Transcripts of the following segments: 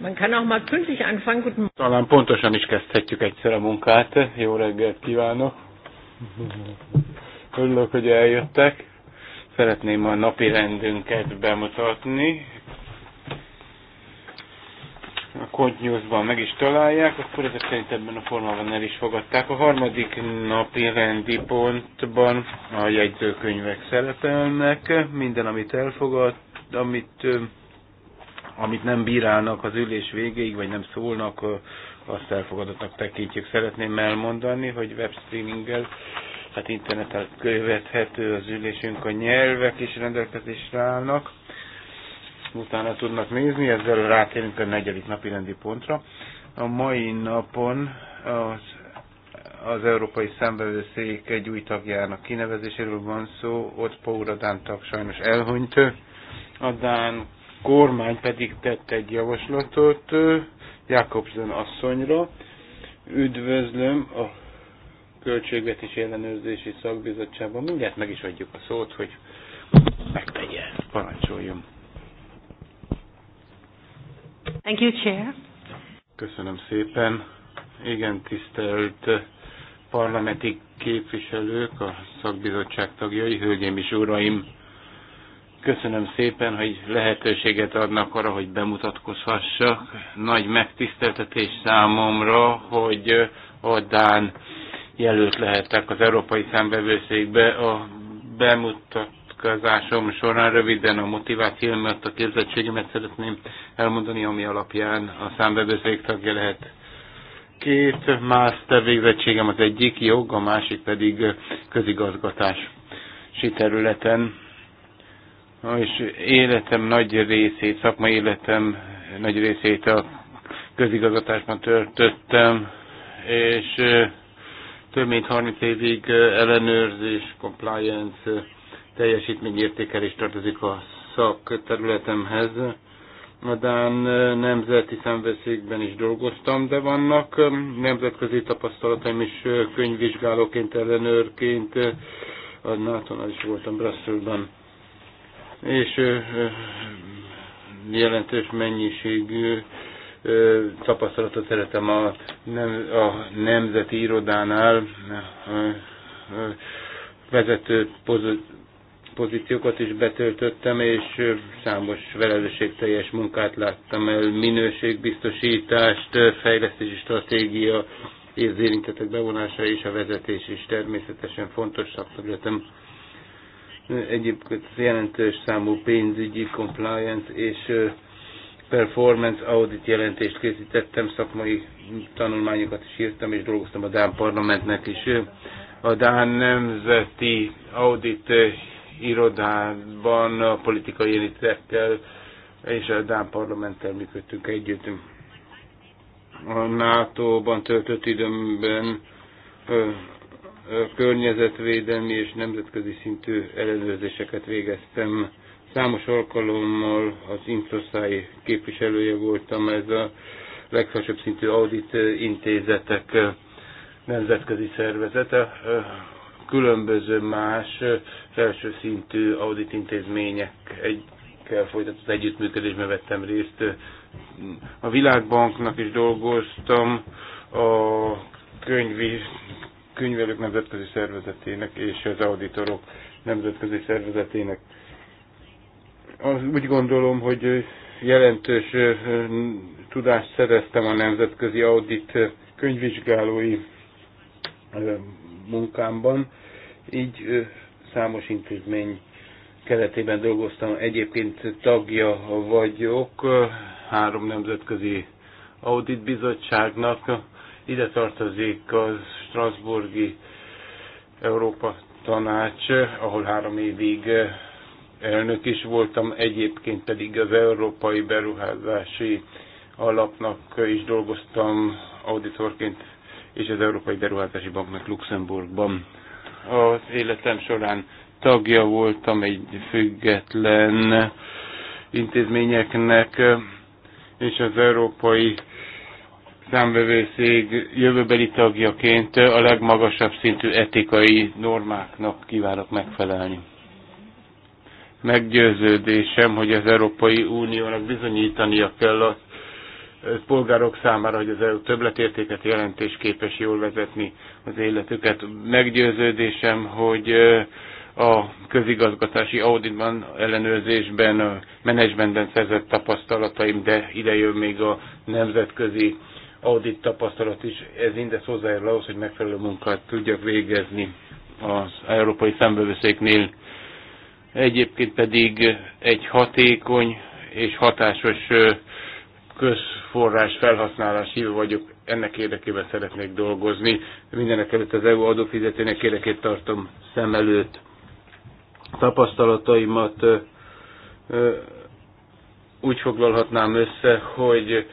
Man kann auch mal pünktlich anfangen. Guten Talán pontosan is kezdhetjük egyszer a munkát. Jó reggelt kívánok! Örülök, hogy eljöttek. Szeretném a napi rendünket bemutatni. A Kodnyuszban meg is találják, akkor ezek szerint ebben a formában el is fogadták. A harmadik napi rendi pontban a jegyzőkönyvek szerepelnek. Minden, amit elfogad, amit amit nem bírálnak az ülés végéig, vagy nem szólnak, azt elfogadottak tekintjük. Szeretném elmondani, hogy webstreaminggel, tehát interneten követhető az ülésünk, a nyelvek is rendelkezésre állnak, utána tudnak nézni, ezzel rátérünk a negyedik napi rendi pontra. A mai napon az az Európai Szembevőszék egy új tagjának kinevezéséről van szó, ott Dán tag sajnos elhunyt. A Dán kormány pedig tett egy javaslatot Jakobsen asszonyra. Üdvözlöm a Költségvetési Ellenőrzési Szakbizottságban. Mindjárt meg is adjuk a szót, hogy megtegye, parancsoljon. Thank you, Chair. Köszönöm szépen. Igen, tisztelt parlamenti képviselők, a szakbizottság tagjai, hölgyeim és uraim! Köszönöm szépen, hogy lehetőséget adnak arra, hogy bemutatkozhassak. Nagy megtiszteltetés számomra, hogy a Dán jelölt lehettek az Európai Számbevőszékbe. A bemutatkozásom során röviden a motiváció, miatt a képzettségemet szeretném elmondani, ami alapján a számbevőszék tagja lehet két master végzettségem, az egyik jog, a másik pedig közigazgatás területen és életem nagy részét, szakmai életem nagy részét a közigazgatásban töltöttem, és több mint 30 évig ellenőrzés, compliance, teljesítményértékelés tartozik a szakterületemhez. Madán nemzeti szemveszékben is dolgoztam, de vannak nemzetközi tapasztalataim is könyvvizsgálóként, ellenőrként. A NATO-nál is voltam Brüsszelben és jelentős mennyiségű tapasztalatot szeretem a, nem, a Nemzeti Irodánál vezető pozíciókat is betöltöttem, és számos felelősségteljes munkát láttam el, minőségbiztosítást, fejlesztési stratégia, és érintetek bevonása és a vezetés is természetesen fontos szakterületem. Egyébként jelentős számú pénzügyi compliance és performance audit jelentést készítettem, szakmai tanulmányokat is írtam, és dolgoztam a Dán parlamentnek is. A Dán Nemzeti Audit irodában a politikai élitekkel és a Dán parlamenttel működtünk együtt. A NATO-ban töltött időmben környezetvédelmi és nemzetközi szintű ellenőrzéseket végeztem. Számos alkalommal az Introsai képviselője voltam, ez a legfelsőbb szintű audit intézetek nemzetközi szervezete, különböző más felső szintű audit intézmények egy folytatott együttműködésben vettem részt. A Világbanknak is dolgoztam, a könyvi könyvelők nemzetközi szervezetének és az auditorok nemzetközi szervezetének. Az, úgy gondolom, hogy jelentős tudást szereztem a nemzetközi audit könyvvizsgálói munkámban, így számos intézmény keretében dolgoztam, egyébként tagja vagyok három nemzetközi auditbizottságnak, ide tartozik az Strasburgi Európa Tanács, ahol három évig elnök is voltam, egyébként pedig az Európai Beruházási Alapnak is dolgoztam auditorként, és az Európai Beruházási Banknak Luxemburgban. Az életem során tagja voltam egy független intézményeknek, és az Európai számvevőszég jövőbeli tagjaként a legmagasabb szintű etikai normáknak kívánok megfelelni. Meggyőződésem, hogy az Európai Uniónak bizonyítania kell a polgárok számára, hogy az EU többletértéket jelent és képes jól vezetni az életüket. Meggyőződésem, hogy a közigazgatási auditban, ellenőrzésben, menedzsmentben szerzett tapasztalataim, de ide jön még a nemzetközi audit tapasztalat is, ez mindez hozzájárul ahhoz, hogy megfelelő munkát tudjak végezni az európai szembevőszéknél. Egyébként pedig egy hatékony és hatásos közforrás felhasználás hívő vagyok, ennek érdekében szeretnék dolgozni. Mindenek előtt az EU adófizetőnek érdekét tartom szem előtt. Tapasztalataimat úgy foglalhatnám össze, hogy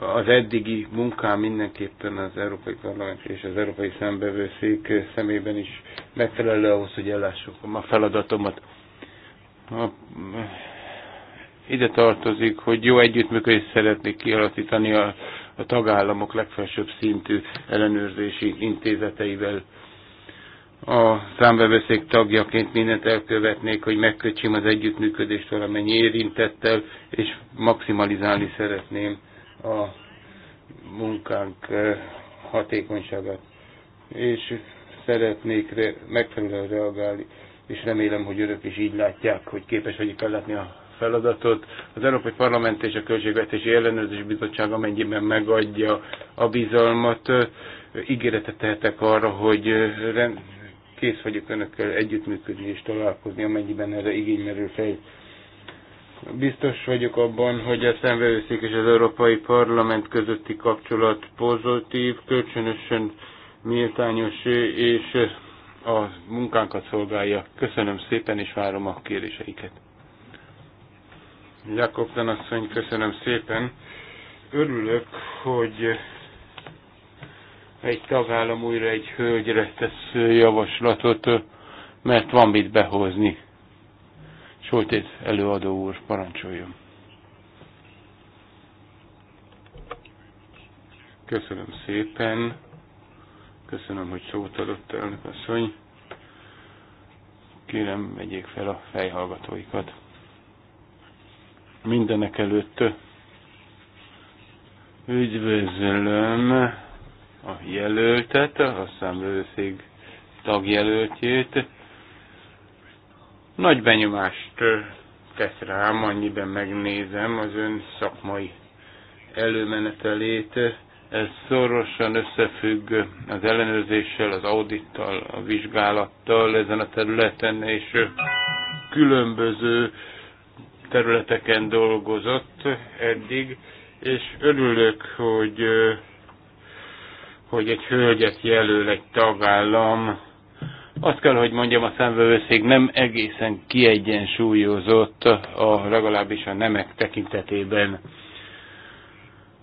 az eddigi munkám mindenképpen az Európai Parlament és az Európai Szembevőszék szemében is megfelelő ahhoz, hogy ellássuk a feladatomat. A, ide tartozik, hogy jó együttműködést szeretnék kialakítani a, a tagállamok legfelsőbb szintű ellenőrzési intézeteivel a számbevőszék tagjaként mindent elkövetnék, hogy megkötsém az együttműködést valamennyi érintettel, és maximalizálni szeretném a munkánk eh, hatékonyságát. És szeretnék megfelelően reagálni, és remélem, hogy önök is így látják, hogy képes vagyok ellátni a feladatot. Az Európai Parlament és a Költségvetési Ellenőrzés Bizottság amennyiben megadja a bizalmat, eh, ígéretet tehetek arra, hogy eh, kész vagyok önökkel együttműködni és találkozni, amennyiben erre igény merül fel. Biztos vagyok abban, hogy a szemvevőszék és az Európai Parlament közötti kapcsolat pozitív, kölcsönösen méltányos és a munkánkat szolgálja. Köszönöm szépen, és várom a kéréseiket. Jakob Tanasszony, köszönöm szépen. Örülök, hogy egy tagállam újra egy hölgyre tesz javaslatot, mert van mit behozni. Soltét előadó úr, parancsoljon. Köszönöm szépen. Köszönöm, hogy szót adott elnök asszony. Kérem, vegyék fel a fejhallgatóikat. Mindenek előtt üdvözlöm a jelöltet, a számlőszég tagjelöltjét. Nagy benyomást tesz rám, annyiben megnézem az ön szakmai előmenetelét. Ez szorosan összefügg az ellenőrzéssel, az audittal, a vizsgálattal ezen a területen, és különböző területeken dolgozott eddig, és örülök, hogy, hogy egy hölgyet jelöl egy tagállam azt kell, hogy mondjam, a szemvevőszék nem egészen kiegyensúlyozott, a, legalábbis a nemek tekintetében.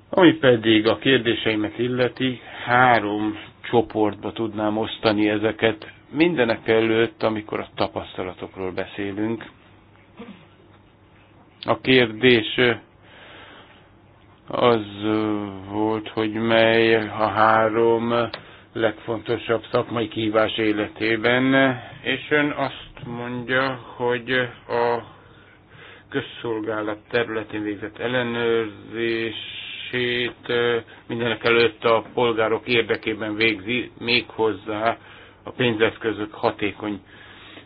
Ami pedig a kérdéseimet illeti, három csoportba tudnám osztani ezeket. Mindenek előtt, amikor a tapasztalatokról beszélünk. A kérdés az volt, hogy mely a három legfontosabb szakmai kihívás életében, és ön azt mondja, hogy a közszolgálat területén végzett ellenőrzését mindenek előtt a polgárok érdekében végzi, méghozzá a pénzeszközök hatékony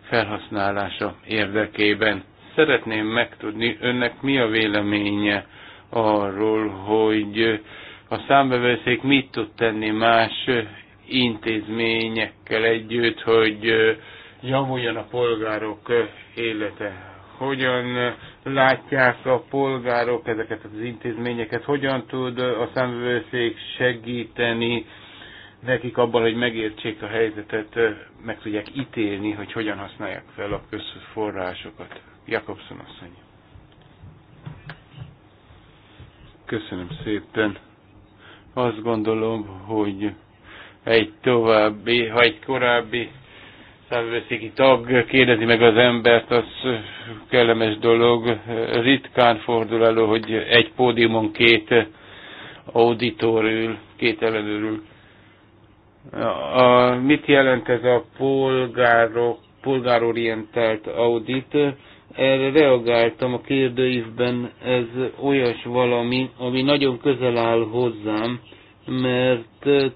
felhasználása érdekében. Szeretném megtudni önnek mi a véleménye arról, hogy a számbevőszék mit tud tenni más intézményekkel együtt, hogy javuljon a polgárok élete. Hogyan látják a polgárok ezeket az intézményeket, hogyan tud a számvőszék segíteni nekik abban, hogy megértsék a helyzetet, meg tudják ítélni, hogy hogyan használják fel a közforrásokat. Jakobson asszony. Köszönöm szépen. Azt gondolom, hogy egy további, ha egy korábbi számvőszéki tag kérdezi meg az embert, az kellemes dolog. Ritkán fordul elő, hogy egy pódiumon két auditor ül, két ellenőrül. A, mit jelent ez a polgárok, polgárorientált audit? Erre reagáltam a kérdőívben, ez olyas valami, ami nagyon közel áll hozzám, mert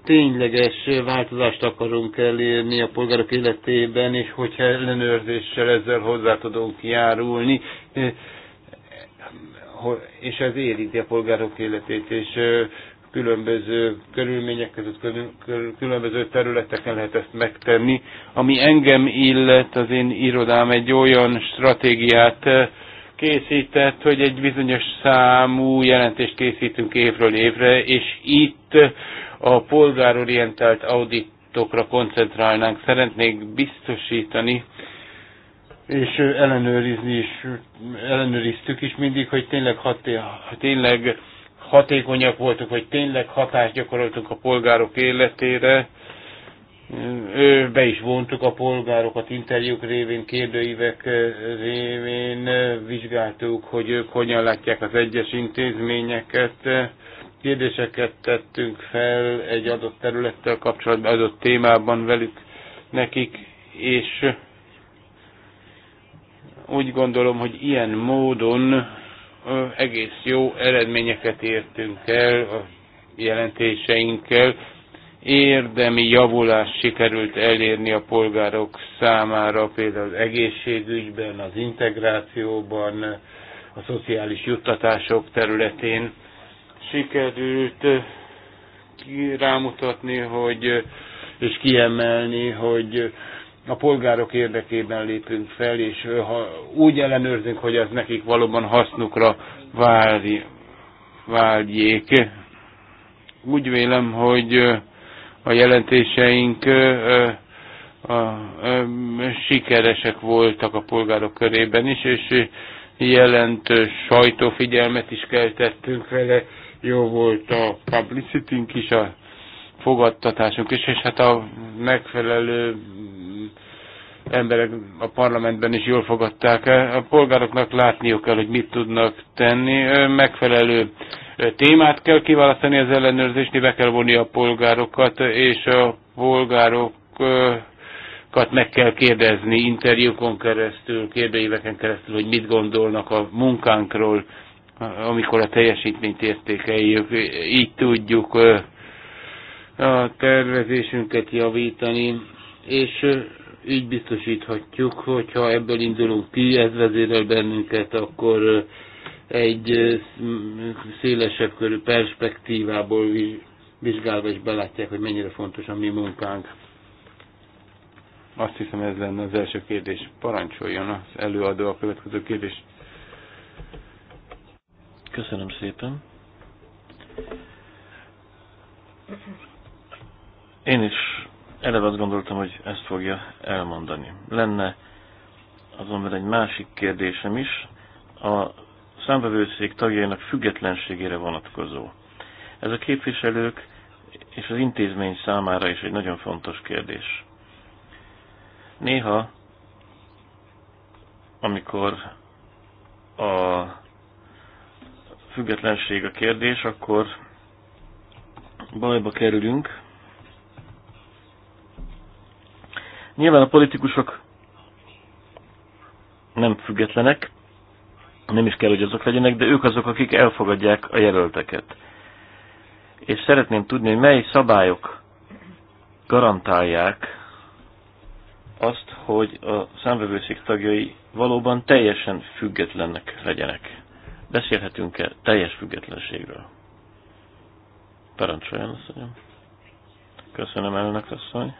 tényleges változást akarunk elérni a polgárok életében, és hogyha ellenőrzéssel ezzel hozzá tudunk járulni, és ez érinti a polgárok életét, és különböző körülmények között, különböző területeken lehet ezt megtenni. Ami engem illet, az én irodám egy olyan stratégiát készített, hogy egy bizonyos számú jelentést készítünk évről évre, és itt a polgárorientált auditokra koncentrálnánk. Szeretnék biztosítani, és ellenőrizni is, ellenőriztük is mindig, hogy tényleg, haté, tényleg hatékonyak voltunk, hogy tényleg hatást gyakoroltunk a polgárok életére, be is vontuk a polgárokat interjúk révén, kérdőívek révén, vizsgáltuk, hogy ők hogyan látják az egyes intézményeket, kérdéseket tettünk fel egy adott területtel kapcsolatban, adott témában velük nekik, és úgy gondolom, hogy ilyen módon egész jó eredményeket értünk el a jelentéseinkkel, érdemi javulást sikerült elérni a polgárok számára, például az egészségügyben, az integrációban, a szociális juttatások területén. Sikerült eh, rámutatni, hogy, eh, és kiemelni, hogy a polgárok érdekében lépünk fel, és eh, ha úgy ellenőrzünk, hogy ez nekik valóban hasznukra válj, váljék. Úgy vélem, hogy a jelentéseink a, sikeresek voltak a polgárok körében is, és jelentős sajtófigyelmet is keltettünk vele. Jó volt a publicitink is, a fogadtatásunk is, és hát a megfelelő emberek a parlamentben is jól fogadták. A polgároknak látniuk kell, hogy mit tudnak tenni. Megfelelő témát kell kiválasztani az ellenőrzésnél, be kell vonni a polgárokat, és a polgárokat meg kell kérdezni interjúkon keresztül, kérdőíveken keresztül, hogy mit gondolnak a munkánkról, amikor a teljesítményt értékeljük. Így tudjuk a tervezésünket javítani, és így biztosíthatjuk, hogyha ebből indulunk ki, ez vezérel bennünket, akkor eh, egy eh, szélesebb körű perspektívából vizsgálva is belátják, hogy mennyire fontos a mi munkánk. Azt hiszem ez lenne az első kérdés. Parancsoljon az előadó a következő kérdés. Köszönöm szépen. Én is eleve azt gondoltam, hogy ezt fogja elmondani. Lenne azonban egy másik kérdésem is, a számbevőszék tagjainak függetlenségére vonatkozó. Ez a képviselők és az intézmény számára is egy nagyon fontos kérdés. Néha, amikor a függetlenség a kérdés, akkor bajba kerülünk, Nyilván a politikusok nem függetlenek, nem is kell, hogy azok legyenek, de ők azok, akik elfogadják a jelölteket. És szeretném tudni, hogy mely szabályok garantálják azt, hogy a számvevőszék tagjai valóban teljesen függetlenek legyenek. Beszélhetünk-e teljes függetlenségről? Parancsoljon, asszonyom. Köszönöm, elnök asszony.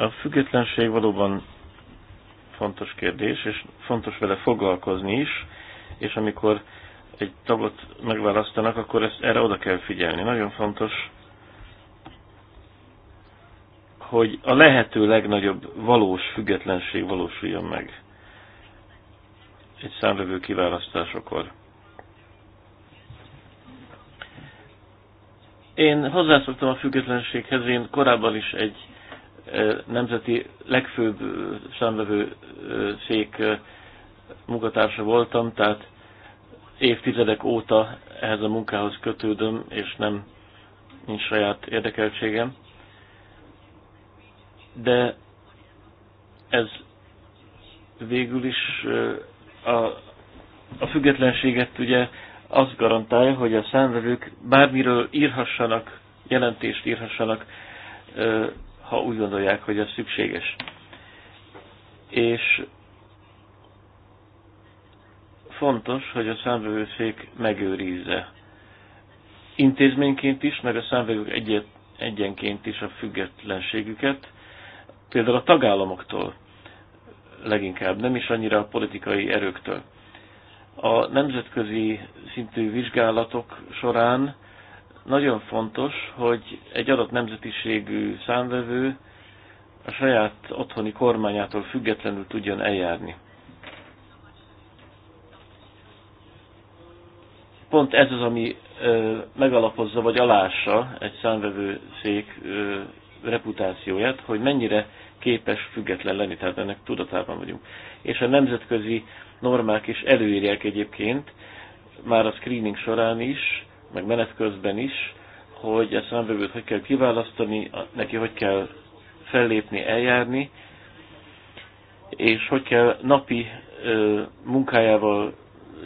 A függetlenség valóban fontos kérdés, és fontos vele foglalkozni is, és amikor egy tagot megválasztanak, akkor ezt, erre oda kell figyelni. Nagyon fontos, hogy a lehető legnagyobb valós függetlenség valósuljon meg egy számvevő kiválasztásokor. Én hozzászoktam a függetlenséghez, én korábban is egy nemzeti legfőbb számvevő szék munkatársa voltam, tehát évtizedek óta ehhez a munkához kötődöm, és nem nincs saját érdekeltségem. De ez végül is a, a függetlenséget ugye azt garantálja, hogy a számvevők bármiről írhassanak, jelentést írhassanak, ha úgy gondolják, hogy ez szükséges. És fontos, hogy a számvevőszék megőrizze intézményként is, meg a számvevők egyet, egyenként is a függetlenségüket, például a tagállamoktól leginkább, nem is annyira a politikai erőktől. A nemzetközi szintű vizsgálatok során nagyon fontos, hogy egy adott nemzetiségű számvevő a saját otthoni kormányától függetlenül tudjon eljárni. Pont ez az, ami ö, megalapozza vagy alássa egy szék ö, reputációját, hogy mennyire képes független lenni, tehát ennek tudatában vagyunk. És a nemzetközi normák is előírják egyébként, már a screening során is, meg menet közben is, hogy a számbevőt hogy kell kiválasztani, neki hogy kell fellépni, eljárni, és hogy kell napi ö, munkájával,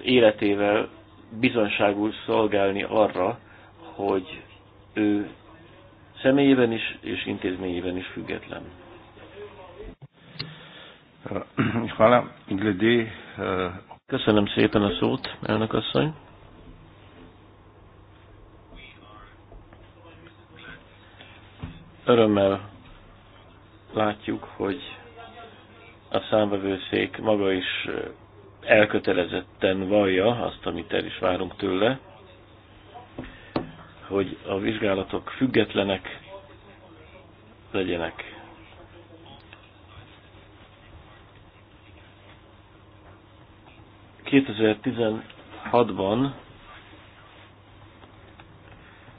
életével bizonságul szolgálni arra, hogy ő személyében is és intézményében is független. Köszönöm szépen a szót, elnök asszony. Örömmel látjuk, hogy a számvevőszék maga is elkötelezetten vallja azt, amit el is várunk tőle, hogy a vizsgálatok függetlenek legyenek. ...2016-ban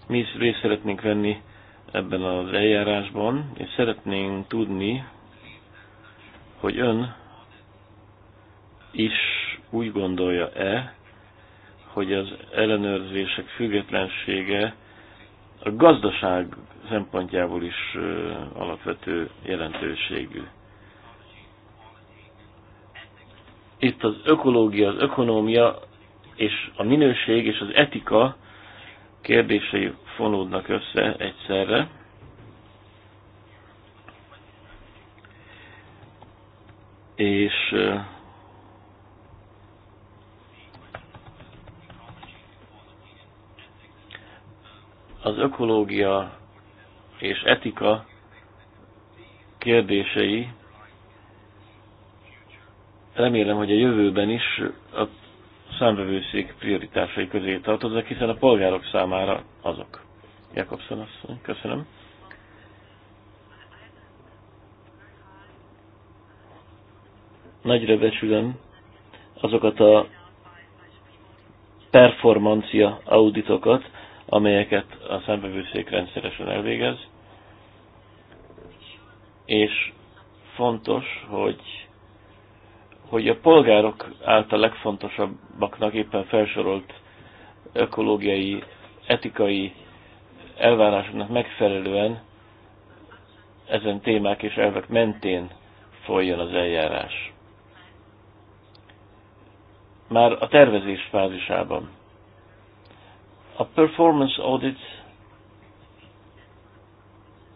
mi is részt szeretnénk venni ebben az eljárásban, és szeretnénk tudni, hogy ön is úgy gondolja-e, hogy az ellenőrzések függetlensége a gazdaság szempontjából is alapvető jelentőségű. Itt az ökológia, az ökonómia és a minőség és az etika kérdései fonódnak össze egyszerre. És az ökológia és etika kérdései remélem, hogy a jövőben is a számvevőszék prioritásai közé tartoznak, hiszen a polgárok számára azok. Jakobson asszony, köszönöm. Nagyra becsülöm azokat a performancia auditokat, amelyeket a számbevőszék rendszeresen elvégez, és fontos, hogy hogy a polgárok által legfontosabbaknak éppen felsorolt ökológiai, etikai elvárásoknak megfelelően ezen témák és elvek mentén folyjon az eljárás. Már a tervezés fázisában. A performance audit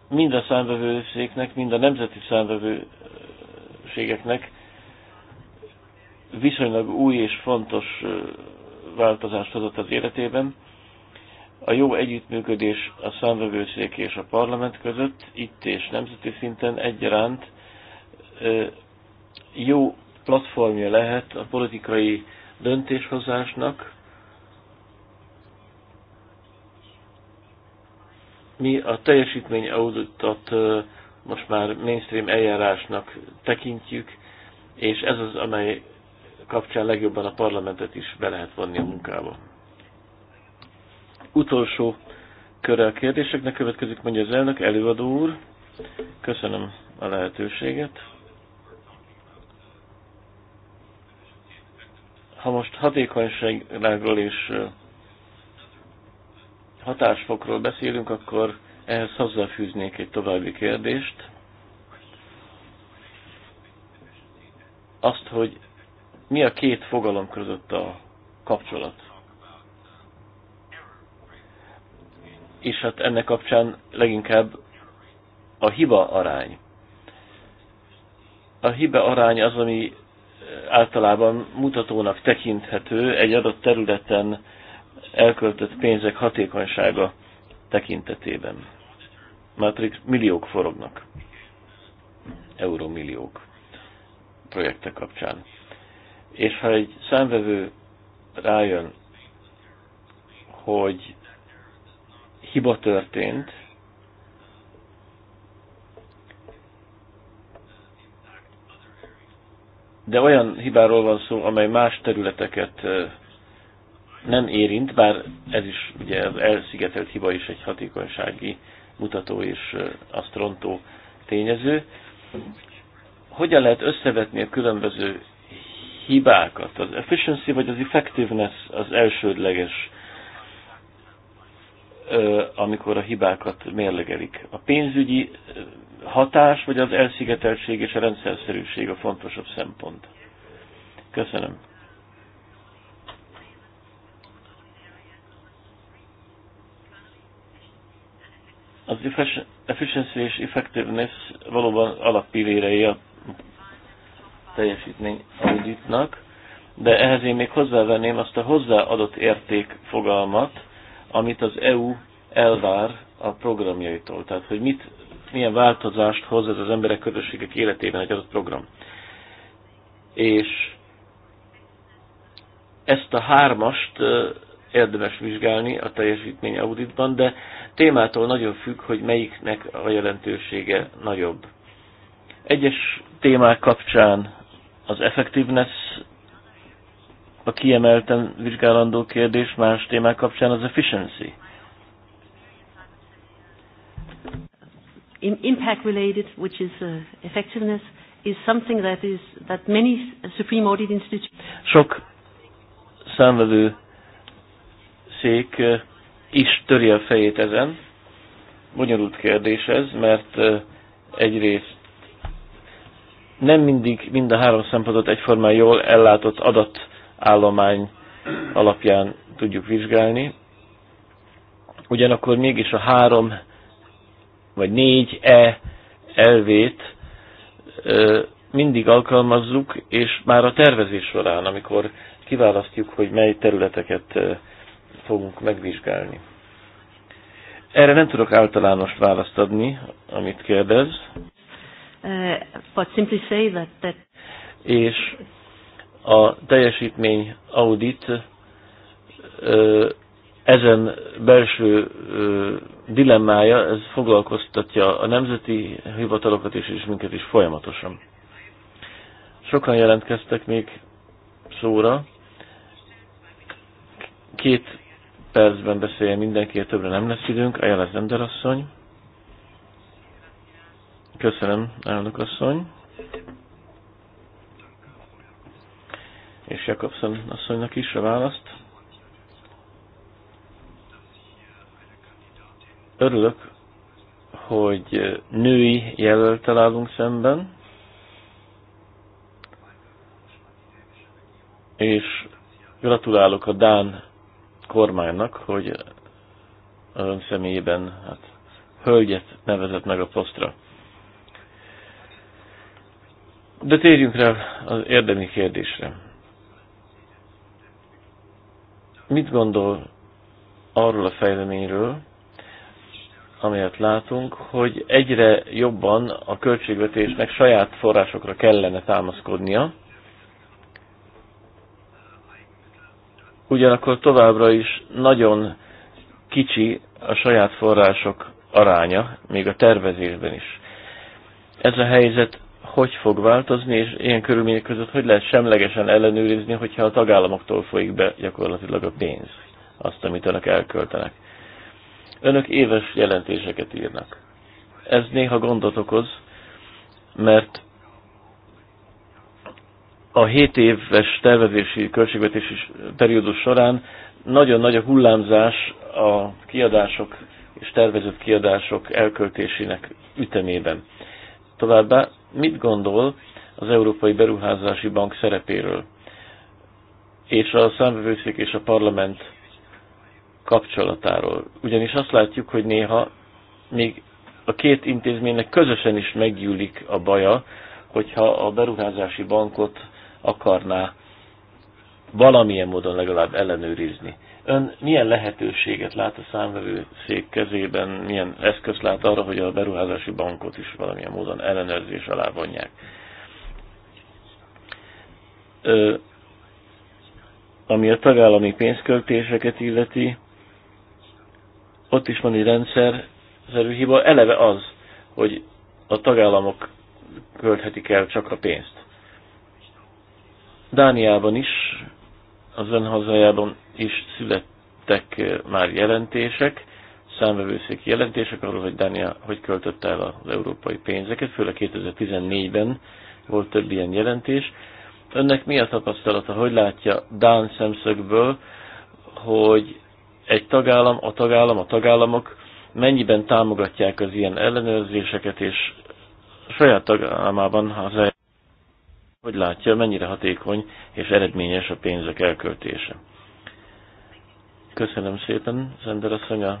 mind a számvevőszéknek, mind a nemzeti számvevőségeknek viszonylag új és fontos változást hozott az életében. A jó együttműködés a számvevőszék és a parlament között, itt és nemzeti szinten egyaránt jó platformja lehet a politikai döntéshozásnak. Mi a teljesítmény auditot most már mainstream eljárásnak tekintjük, és ez az, amely kapcsán legjobban a parlamentet is be lehet vonni a munkába. Utolsó köre a kérdéseknek következik, mondja az elnök, előadó úr. Köszönöm a lehetőséget. Ha most hatékonyságról és hatásfokról beszélünk, akkor ehhez hozzáfűznék egy további kérdést. Azt, hogy mi a két fogalom között a kapcsolat. És hát ennek kapcsán leginkább a hiba arány. A hiba arány az, ami eh, általában mutatónak tekinthető egy adott területen elköltött pénzek hatékonysága tekintetében. Matrix milliók forognak. Euromilliók projektek kapcsán. És ha egy számvevő rájön, hogy hiba történt, de olyan hibáról van szó, amely más területeket nem érint, bár ez is ugye az elszigetelt hiba is egy hatékonysági mutató és azt rontó tényező. Hogyan lehet összevetni a különböző hibákat. Az efficiency vagy az effectiveness az elsődleges, amikor a hibákat mérlegelik. A pénzügyi hatás vagy az elszigeteltség és a rendszerszerűség a fontosabb szempont. Köszönöm. Az efficiency és effectiveness valóban alappillérei a teljesítmény auditnak, de ehhez én még hozzávenném azt a hozzáadott érték fogalmat, amit az EU elvár a programjaitól. Tehát, hogy mit, milyen változást hoz ez az emberek közösségek életében egy adott program. És ezt a hármast érdemes vizsgálni a teljesítmény auditban, de témától nagyon függ, hogy melyiknek a jelentősége nagyobb. Egyes témák kapcsán az effectiveness a kiemelten vizsgálandó kérdés más témák kapcsán az efficiency. Impact related, which is uh, effectiveness, is something that is that many Supreme Audit Institutions. Sok számvevő szék uh, is töri a fejét ezen. Bonyolult kérdés ez, mert uh, egyrészt nem mindig mind a három szempontot egyformán jól ellátott adatállomány alapján tudjuk vizsgálni. Ugyanakkor mégis a három vagy négy E elvét mindig alkalmazzuk, és már a tervezés során, amikor kiválasztjuk, hogy mely területeket fogunk megvizsgálni. Erre nem tudok általános választ adni, amit kérdez. Uh, but simply say that, that és a teljesítmény audit uh, ezen belső uh, dilemmája, ez foglalkoztatja a nemzeti hivatalokat is, és minket is folyamatosan. Sokan jelentkeztek még szóra. Két percben beszéljen mindenki, többre nem lesz időnk. ajánlás az rendelasszony. Köszönöm, elnök asszony. És Jakobson asszonynak is a választ. Örülök, hogy női jelölt találunk szemben, és gratulálok a Dán kormánynak, hogy ön személyében hát, hölgyet nevezett meg a posztra. De térjünk rá az érdemi kérdésre. Mit gondol arról a fejleményről, amelyet látunk, hogy egyre jobban a költségvetésnek saját forrásokra kellene támaszkodnia, ugyanakkor továbbra is nagyon kicsi a saját források aránya, még a tervezésben is. Ez a helyzet hogy fog változni, és ilyen körülmények között hogy lehet semlegesen ellenőrizni, hogyha a tagállamoktól folyik be gyakorlatilag a pénz, azt, amit önök elköltenek. Önök éves jelentéseket írnak. Ez néha gondot okoz, mert a 7 éves tervezési költségvetési periódus során nagyon nagy a hullámzás a kiadások és tervezett kiadások elköltésének ütemében. Továbbá mit gondol az Európai Beruházási Bank szerepéről, és a számvevőszék és a parlament kapcsolatáról. Ugyanis azt látjuk, hogy néha még a két intézménynek közösen is meggyűlik a baja, hogyha a beruházási bankot akarná valamilyen módon legalább ellenőrizni. Ön milyen lehetőséget lát a számvevőszék kezében, milyen eszköz lát arra, hogy a beruházási bankot is valamilyen módon ellenőrzés alá vonják? Ö, ami a tagállami pénzköltéseket illeti, ott is van egy szerű hiba. Eleve az, hogy a tagállamok költhetik el csak a pénzt. Dániában is az ön is születtek eh, már jelentések, számvevőszéki jelentések arról, hogy Dánia hogy költött el az európai pénzeket, főleg 2014-ben volt több ilyen jelentés. Önnek mi a tapasztalata, hogy látja Dán szemszögből, hogy egy tagállam, a tagállam, a tagállamok mennyiben támogatják az ilyen ellenőrzéseket, és saját tagállamában, ha az hogy látja, mennyire hatékony és eredményes a pénzek elköltése. Köszönöm szépen, Zender asszony, a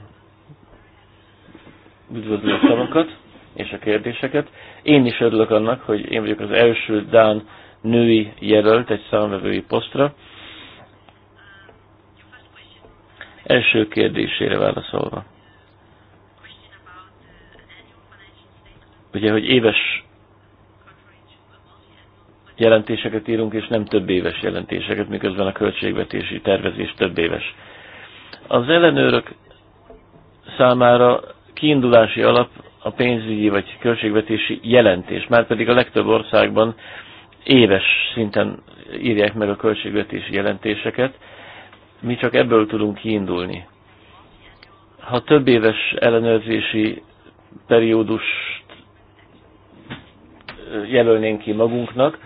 üdvözlő szavakat és a kérdéseket. Én is örülök annak, hogy én vagyok az első Dán női jelölt egy számvevői posztra. Első kérdésére válaszolva. Ugye, hogy éves jelentéseket írunk, és nem több éves jelentéseket, miközben a költségvetési tervezés több éves. Az ellenőrök számára kiindulási alap a pénzügyi vagy költségvetési jelentés, már pedig a legtöbb országban éves szinten írják meg a költségvetési jelentéseket, mi csak ebből tudunk kiindulni. Ha több éves ellenőrzési periódust jelölnénk ki magunknak,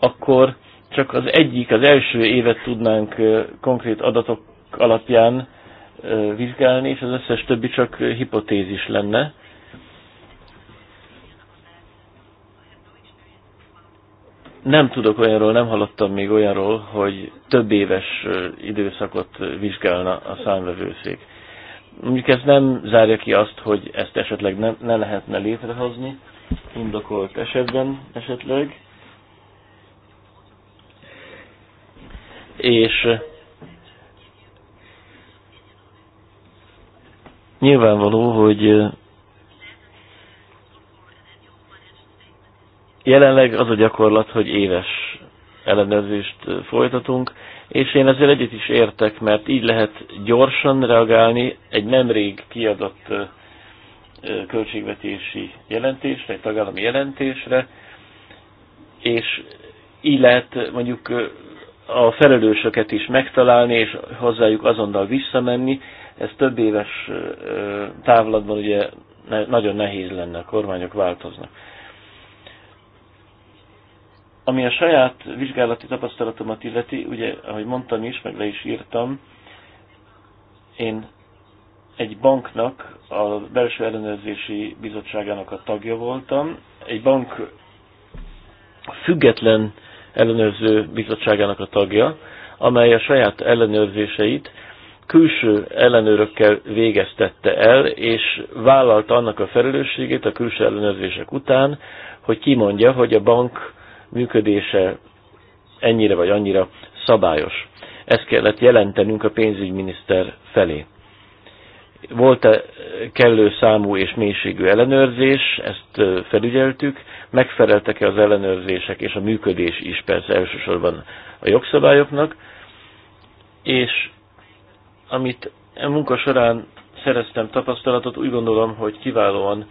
akkor csak az egyik, az első évet tudnánk konkrét adatok alapján vizsgálni, és az összes többi csak hipotézis lenne. Nem tudok olyanról, nem hallottam még olyanról, hogy több éves időszakot vizsgálna a számvevőszék. Mondjuk ez nem zárja ki azt, hogy ezt esetleg ne, ne lehetne létrehozni, indokolt esetben esetleg és eh, nyilvánvaló, hogy eh, jelenleg az a gyakorlat, hogy éves ellenőrzést eh, folytatunk, és én ezzel egyet is értek, mert így lehet gyorsan reagálni egy nemrég kiadott költségvetési jelentésre, egy tagállami jelentésre, és így lehet mondjuk a felelősöket is megtalálni, és hozzájuk azonnal visszamenni. Ez több éves távlatban ugye nagyon nehéz lenne, a kormányok változnak. Ami a saját vizsgálati tapasztalatomat illeti, ugye, ahogy mondtam is, meg le is írtam, én egy banknak, a belső ellenőrzési bizottságának a tagja voltam. Egy bank független ellenőrző bizottságának a tagja, amely a saját ellenőrzéseit külső ellenőrökkel végeztette el, és vállalta annak a felelősségét a külső ellenőrzések után, hogy kimondja, hogy a bank működése ennyire vagy annyira szabályos. Ezt kellett jelentenünk a pénzügyminiszter felé volt-e kellő számú és mélységű ellenőrzés, ezt felügyeltük, megfeleltek-e az ellenőrzések és a működés is persze elsősorban a jogszabályoknak, és amit a munka során szereztem tapasztalatot, úgy gondolom, hogy kiválóan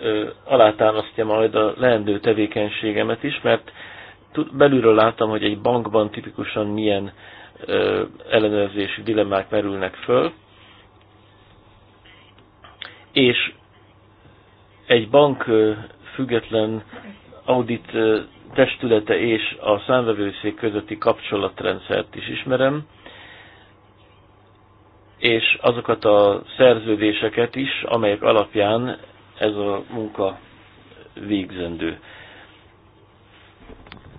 ö, alátámasztja majd a leendő tevékenységemet is, mert belülről láttam, hogy egy bankban tipikusan milyen ö, ellenőrzési dilemmák merülnek föl, és egy bank független audit testülete és a számvevőszék közötti kapcsolatrendszert is ismerem, és azokat a szerződéseket is, amelyek alapján ez a munka végzendő.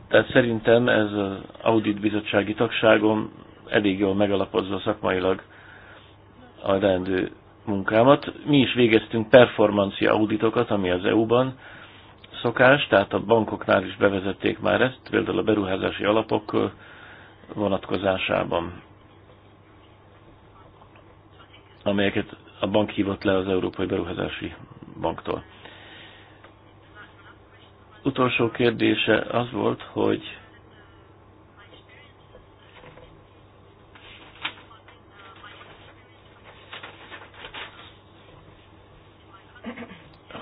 Tehát szerintem ez az audit bizottsági tagságom elég jól megalapozza szakmailag a rendő munkámat. Mi is végeztünk performancia auditokat, ami az EU-ban szokás, tehát a bankoknál is bevezették már ezt, például a beruházási alapok vonatkozásában, amelyeket a bank hívott le az Európai Beruházási Banktól. Utolsó kérdése az volt, hogy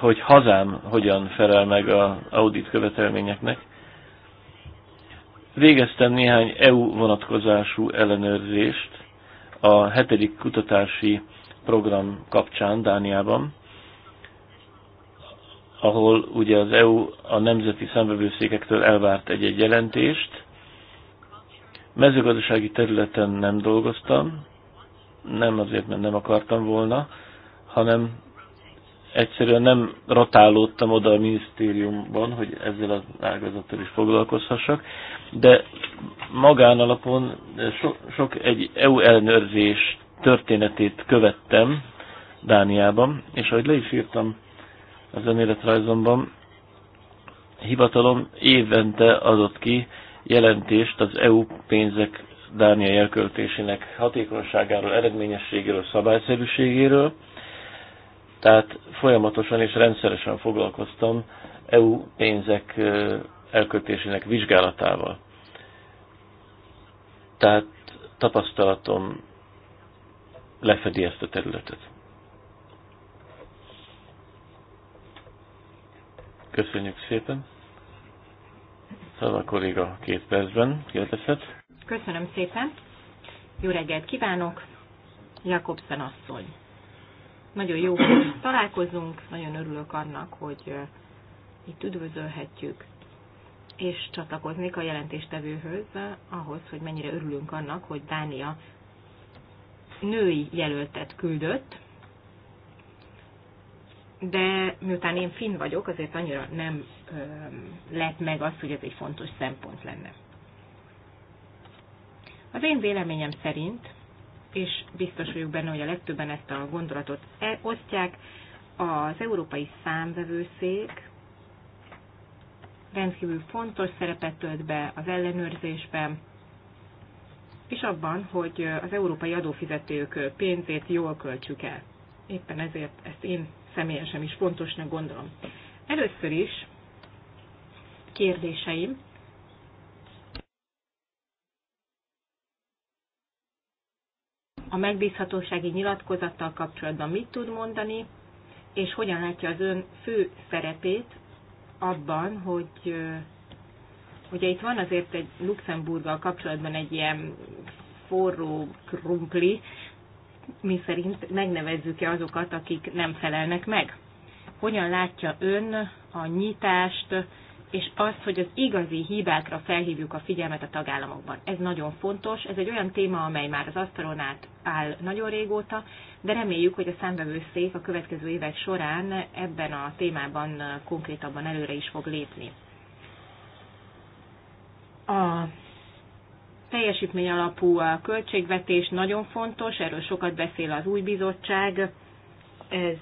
hogy hazám hogyan felel meg az audit követelményeknek. Végeztem néhány EU vonatkozású ellenőrzést a hetedik kutatási program kapcsán Dániában, ahol ugye az EU a nemzeti szembevőszékektől elvárt egy-egy jelentést. Mezőgazdasági területen nem dolgoztam, nem azért, mert nem akartam volna, hanem egyszerűen nem rotálódtam oda a minisztériumban, hogy ezzel az ágazattal is foglalkozhassak, de magánalapon so, sok egy EU ellenőrzés történetét követtem Dániában, és ahogy le is írtam az önéletrajzomban, hivatalom évente adott ki jelentést az EU pénzek Dánia elköltésének hatékonyságáról, eredményességéről, szabályszerűségéről, tehát folyamatosan és rendszeresen foglalkoztam EU pénzek elköltésének vizsgálatával. Tehát tapasztalatom lefedi ezt a területet. Köszönjük szépen. Szava kolléga két percben kérdezhet. Köszönöm szépen. Jó reggelt kívánok. Jakobsen asszony. Nagyon jó, hogy találkozunk, nagyon örülök annak, hogy itt üdvözölhetjük, és csatlakoznék a jelentéstevőhöz ahhoz, hogy mennyire örülünk annak, hogy Dánia női jelöltet küldött, de miután én finn vagyok, azért annyira nem ö, lett meg az, hogy ez egy fontos szempont lenne. Az én véleményem szerint és biztos vagyok benne, hogy a legtöbben ezt a gondolatot osztják. Az Európai Számvevőszék rendkívül fontos szerepet tölt be az ellenőrzésben, és abban, hogy az európai adófizetők pénzét jól költsük el. Éppen ezért ezt én személyesen is fontosnak gondolom. Először is kérdéseim a megbízhatósági nyilatkozattal kapcsolatban mit tud mondani, és hogyan látja az ön fő szerepét abban, hogy ugye itt van azért egy Luxemburggal kapcsolatban egy ilyen forró krumpli, mi szerint megnevezzük-e azokat, akik nem felelnek meg. Hogyan látja ön a nyitást, és az, hogy az igazi hibákra felhívjuk a figyelmet a tagállamokban. Ez nagyon fontos, ez egy olyan téma, amely már az asztalon át áll nagyon régóta, de reméljük, hogy a számvevőszék a következő évek során ebben a témában konkrétabban előre is fog lépni. A teljesítmény alapú költségvetés nagyon fontos, erről sokat beszél az új bizottság, ez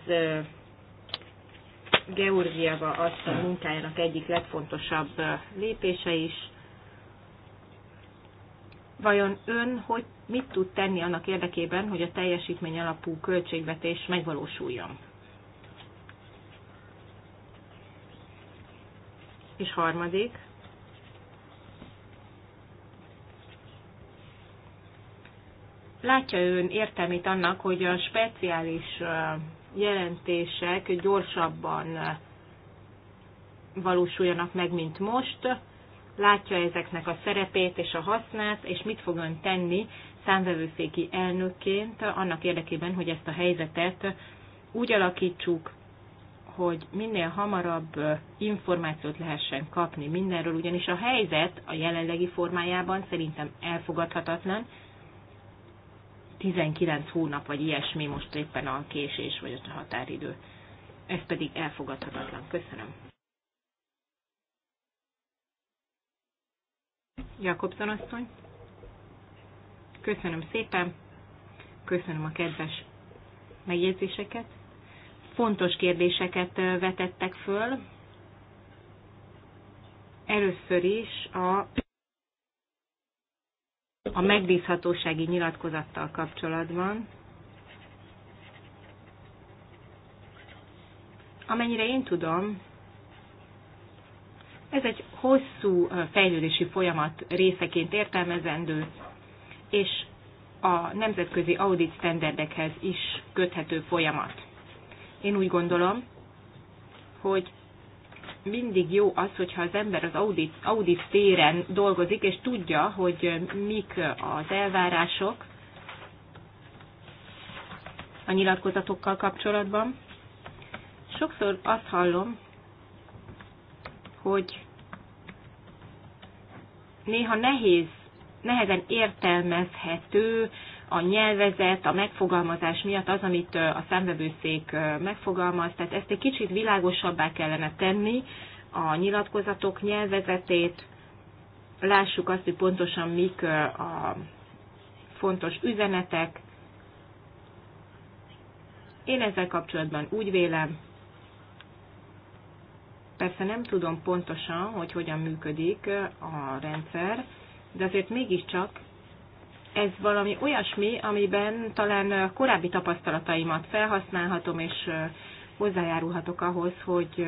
Georgiava a munkájának egyik legfontosabb lépése is. Vajon ön hogy mit tud tenni annak érdekében, hogy a teljesítmény alapú költségvetés megvalósuljon? És harmadik, látja ön értelmét annak, hogy a speciális jelentések gyorsabban valósuljanak meg, mint most, látja ezeknek a szerepét és a hasznát, és mit fog ön tenni számvevőszéki elnökként annak érdekében, hogy ezt a helyzetet úgy alakítsuk, hogy minél hamarabb információt lehessen kapni mindenről, ugyanis a helyzet a jelenlegi formájában szerintem elfogadhatatlan, 19 hónap vagy ilyesmi most éppen a késés vagy a határidő. Ez pedig elfogadhatatlan. Köszönöm. Jakobson asszony. Köszönöm szépen. Köszönöm a kedves megjegyzéseket. Fontos kérdéseket vetettek föl. Először is a a megbízhatósági nyilatkozattal kapcsolatban. Amennyire én tudom, ez egy hosszú fejlődési folyamat részeként értelmezendő, és a nemzetközi audit standardekhez is köthető folyamat. Én úgy gondolom, hogy mindig jó az, hogyha az ember az audit, audit téren dolgozik, és tudja, hogy mik az elvárások a nyilatkozatokkal kapcsolatban. Sokszor azt hallom, hogy néha nehéz, nehezen értelmezhető a nyelvezet, a megfogalmazás miatt az, amit a számvevőszék megfogalmaz, tehát ezt egy kicsit világosabbá kellene tenni, a nyilatkozatok nyelvezetét, lássuk azt, hogy pontosan mik a fontos üzenetek. Én ezzel kapcsolatban úgy vélem, persze nem tudom pontosan, hogy hogyan működik a rendszer, de azért mégiscsak ez valami olyasmi, amiben talán korábbi tapasztalataimat felhasználhatom, és hozzájárulhatok ahhoz, hogy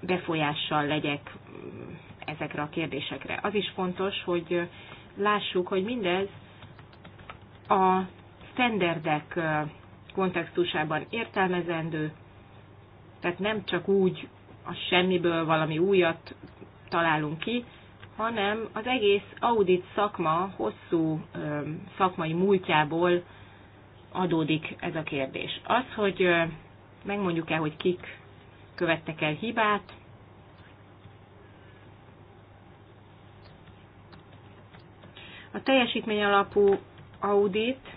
befolyással legyek mm, ezekre a kérdésekre. Az is fontos, hogy lássuk, hogy mindez a standardek kontextusában értelmezendő, tehát nem csak úgy a semmiből valami újat találunk ki, hanem az egész audit szakma hosszú szakmai múltjából adódik ez a kérdés. Az, hogy megmondjuk-e, hogy kik követtek el hibát, A teljesítmény alapú audit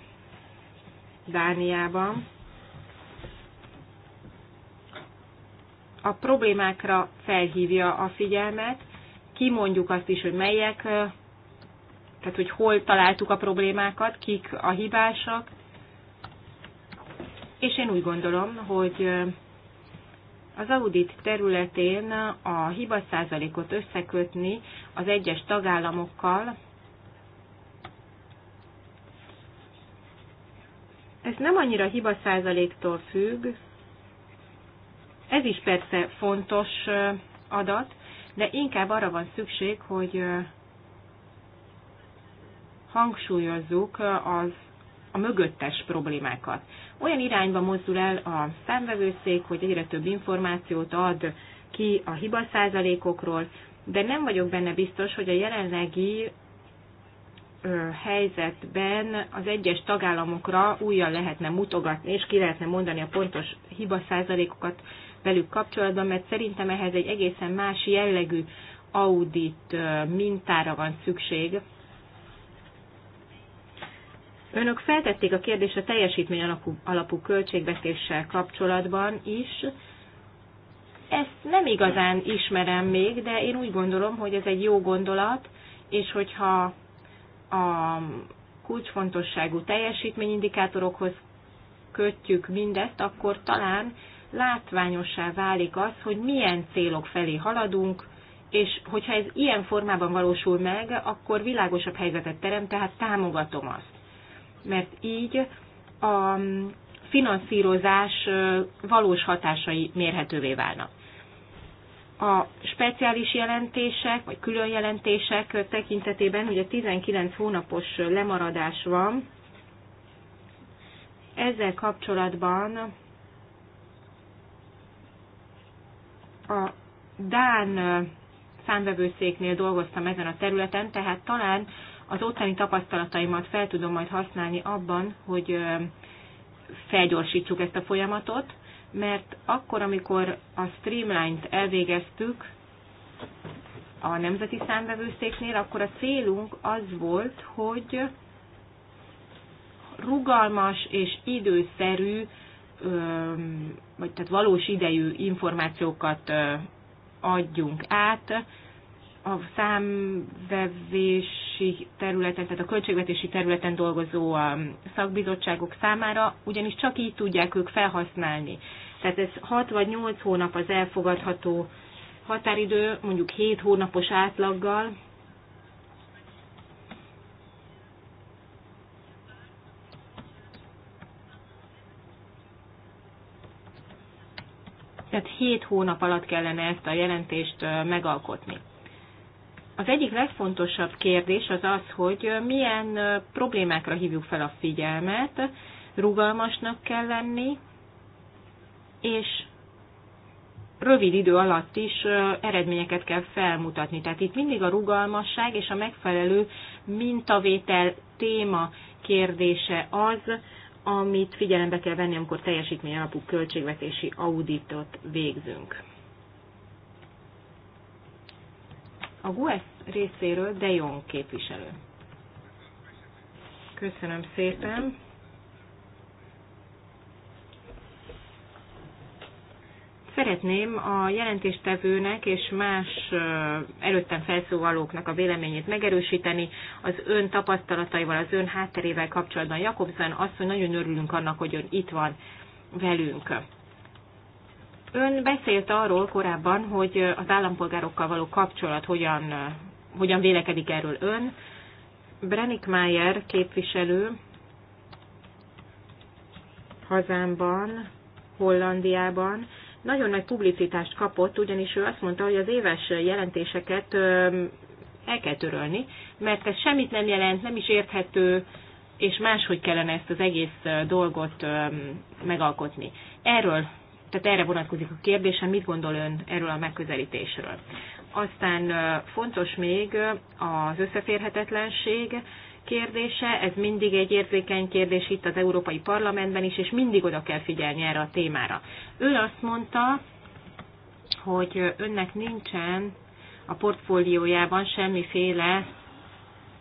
Dániában a problémákra felhívja a figyelmet, kimondjuk azt is, hogy melyek, tehát hogy hol találtuk a problémákat, kik a hibásak, és én úgy gondolom, hogy az audit területén a hiba százalékot összekötni az egyes tagállamokkal, ez nem annyira hiba százaléktól függ, ez is persze fontos adat, de inkább arra van szükség, hogy hangsúlyozzuk az, a mögöttes problémákat. Olyan irányba mozdul el a számvevőszék, hogy egyre több információt ad ki a hiba százalékokról, de nem vagyok benne biztos, hogy a jelenlegi helyzetben az egyes tagállamokra újra lehetne mutogatni, és ki lehetne mondani a pontos hiba százalékokat velük kapcsolatban, mert szerintem ehhez egy egészen más jellegű audit mintára van szükség. Önök feltették a kérdést a teljesítmény alapú, alapú költségvetéssel kapcsolatban is. Ezt nem igazán ismerem még, de én úgy gondolom, hogy ez egy jó gondolat, és hogyha a kulcsfontosságú teljesítményindikátorokhoz kötjük mindezt, akkor talán látványossá válik az, hogy milyen célok felé haladunk, és hogyha ez ilyen formában valósul meg, akkor világosabb helyzetet terem, tehát támogatom azt. Mert így a finanszírozás valós hatásai mérhetővé válnak. A speciális jelentések, vagy külön jelentések tekintetében ugye 19 hónapos lemaradás van. Ezzel kapcsolatban a Dán számvevőszéknél dolgoztam ezen a területen, tehát talán az ottani tapasztalataimat fel tudom majd használni abban, hogy felgyorsítsuk ezt a folyamatot, mert akkor, amikor a streamline-t elvégeztük a Nemzeti Számvevőszéknél, akkor a célunk az volt, hogy rugalmas és időszerű vagy tehát valós idejű információkat adjunk át, a számvevési területen, tehát a költségvetési területen dolgozó szakbizottságok számára, ugyanis csak így tudják ők felhasználni. Tehát ez 6 vagy 8 hónap az elfogadható határidő, mondjuk 7 hónapos átlaggal, tehát 7 hónap alatt kellene ezt a jelentést megalkotni. Az egyik legfontosabb kérdés az az, hogy milyen problémákra hívjuk fel a figyelmet, rugalmasnak kell lenni, és rövid idő alatt is eredményeket kell felmutatni. Tehát itt mindig a rugalmasság és a megfelelő mintavétel téma kérdése az, amit figyelembe kell venni, amikor teljesítmény alapú költségvetési auditot végzünk. A GUES részéről De Jong képviselő. Köszönöm szépen. Szeretném a jelentéstevőnek és más előttem felszólalóknak a véleményét megerősíteni. Az ön tapasztalataival, az ön hátterével kapcsolatban Jakobszán azt, hogy nagyon örülünk annak, hogy ön itt van velünk. Ön beszélt arról korábban, hogy az állampolgárokkal való kapcsolat hogyan, hogyan vélekedik erről ön. Brenik Mayer képviselő hazámban, Hollandiában nagyon nagy publicitást kapott, ugyanis ő azt mondta, hogy az éves jelentéseket el kell törölni, mert ez semmit nem jelent, nem is érthető, és máshogy kellene ezt az egész dolgot megalkotni. Erről, tehát erre vonatkozik a kérdésem, mit gondol ön erről a megközelítésről. Aztán fontos még az összeférhetetlenség, kérdése, ez mindig egy érzékeny kérdés itt az Európai Parlamentben is, és mindig oda kell figyelni erre a témára. Ő azt mondta, hogy önnek nincsen a portfóliójában semmiféle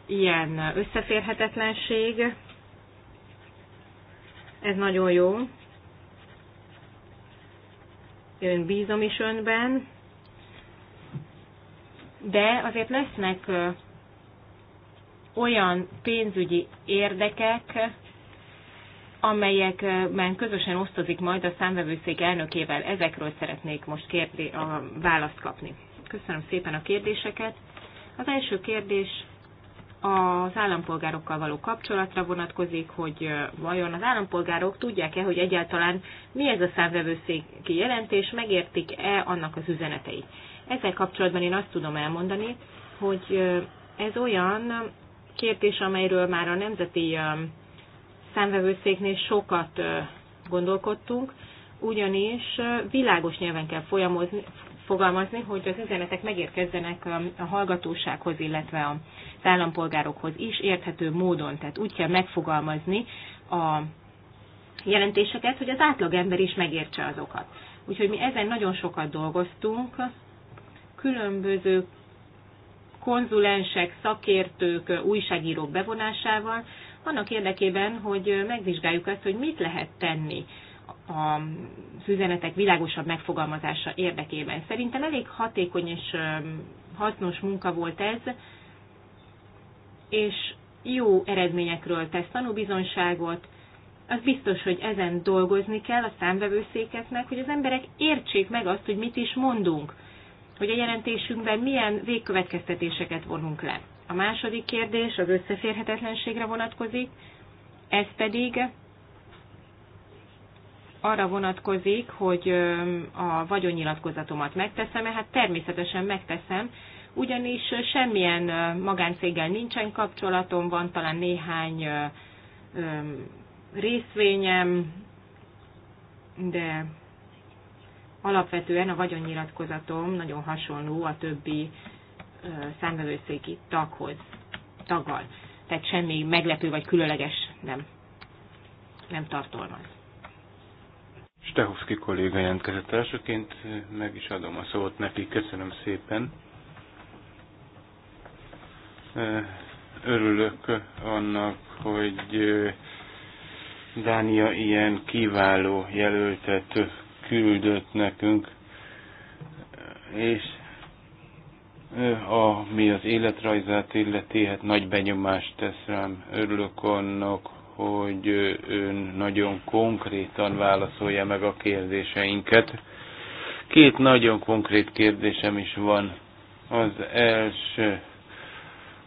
ilyen összeférhetetlenség. Ez nagyon jó. Ön bízom is önben, de azért lesznek olyan pénzügyi érdekek, amelyekben közösen osztozik majd a számvevőszék elnökével. Ezekről szeretnék most kérdé, a választ kapni. Köszönöm szépen a kérdéseket. Az első kérdés az állampolgárokkal való kapcsolatra vonatkozik, hogy vajon az állampolgárok tudják-e, hogy egyáltalán mi ez a számvevőszéki jelentés, megértik-e annak az üzeneteit. Ezzel kapcsolatban én azt tudom elmondani, hogy ez olyan kérdés, amelyről már a Nemzeti um, Szemvevőszéknél sokat uh, gondolkodtunk, ugyanis uh, világos nyelven kell folyamozni, fogalmazni, hogy az üzenetek megérkezzenek um, a hallgatósághoz, illetve az állampolgárokhoz is érthető módon. Tehát úgy kell megfogalmazni a jelentéseket, hogy az átlagember is megértse azokat. Úgyhogy mi ezen nagyon sokat dolgoztunk, különböző konzulensek, szakértők, újságírók bevonásával, annak érdekében, hogy megvizsgáljuk azt, hogy mit lehet tenni a üzenetek világosabb megfogalmazása érdekében. Szerintem elég hatékony és hasznos munka volt ez, és jó eredményekről tesz tanúbizonságot. Az biztos, hogy ezen dolgozni kell a számvevőszékeknek, hogy az emberek értsék meg azt, hogy mit is mondunk hogy a jelentésünkben milyen végkövetkeztetéseket vonunk le. A második kérdés az összeférhetetlenségre vonatkozik, ez pedig arra vonatkozik, hogy a vagyonnyilatkozatomat megteszem hát természetesen megteszem, ugyanis semmilyen magáncéggel nincsen kapcsolatom, van talán néhány részvényem, de alapvetően a vagyonnyilatkozatom nagyon hasonló a többi számvevőszéki taghoz, taggal. Tehát semmi meglepő vagy különleges nem, nem tartalmaz. Stehovski kolléga jelentkezett elsőként, meg is adom a szót neki. Köszönöm szépen. Örülök annak, hogy Dánia ilyen kiváló jelöltet küldött nekünk, és ami az életrajzát illeti, hát nagy benyomást tesz rám. Örülök annak, hogy ön nagyon konkrétan válaszolja meg a kérdéseinket. Két nagyon konkrét kérdésem is van. Az első,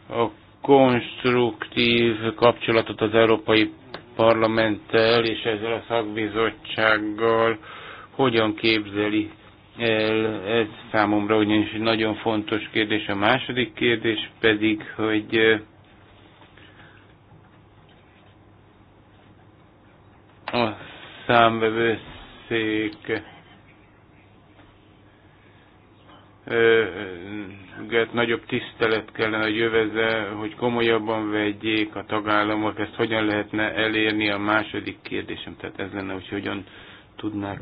a konstruktív kapcsolatot az Európai Parlamenttel és ezzel a szakbizottsággal hogyan képzeli el, ez számomra ugyanis egy nagyon fontos kérdés. A második kérdés pedig, hogy a számvevőszék nagyobb tisztelet kellene, hogy jövezze, hogy komolyabban vegyék a tagállamok, ezt hogyan lehetne elérni a második kérdésem, tehát ez lenne, hogy hogyan tudnák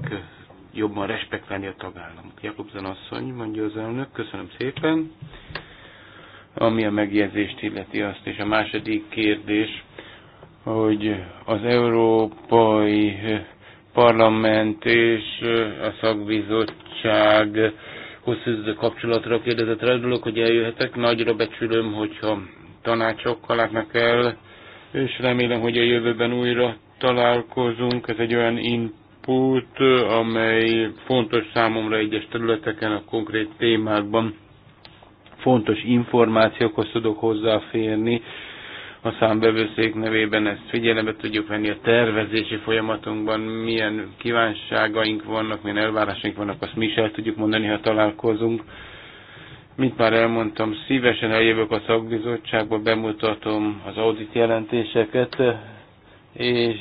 jobban respektálni a tagállamok. Jakobzen asszony, mondja az elnök, köszönöm szépen. Ami a megjegyzést illeti azt, és a második kérdés, hogy az Európai Parlament és a szakbizottság hosszú kapcsolatra kérdezett rá, dolog, hogy eljöhetek. Nagyra becsülöm, hogyha tanácsokkal látnak el, és remélem, hogy a jövőben újra találkozunk. Ez egy olyan in input, amely fontos számomra egyes területeken, a konkrét témákban fontos információkhoz tudok hozzáférni. A számbevőszék nevében ezt figyelembe tudjuk venni a tervezési folyamatunkban, milyen kívánságaink vannak, milyen elvárásaink vannak, azt mi is el tudjuk mondani, ha találkozunk. Mint már elmondtam, szívesen eljövök a szakbizottságba, bemutatom az audit jelentéseket, és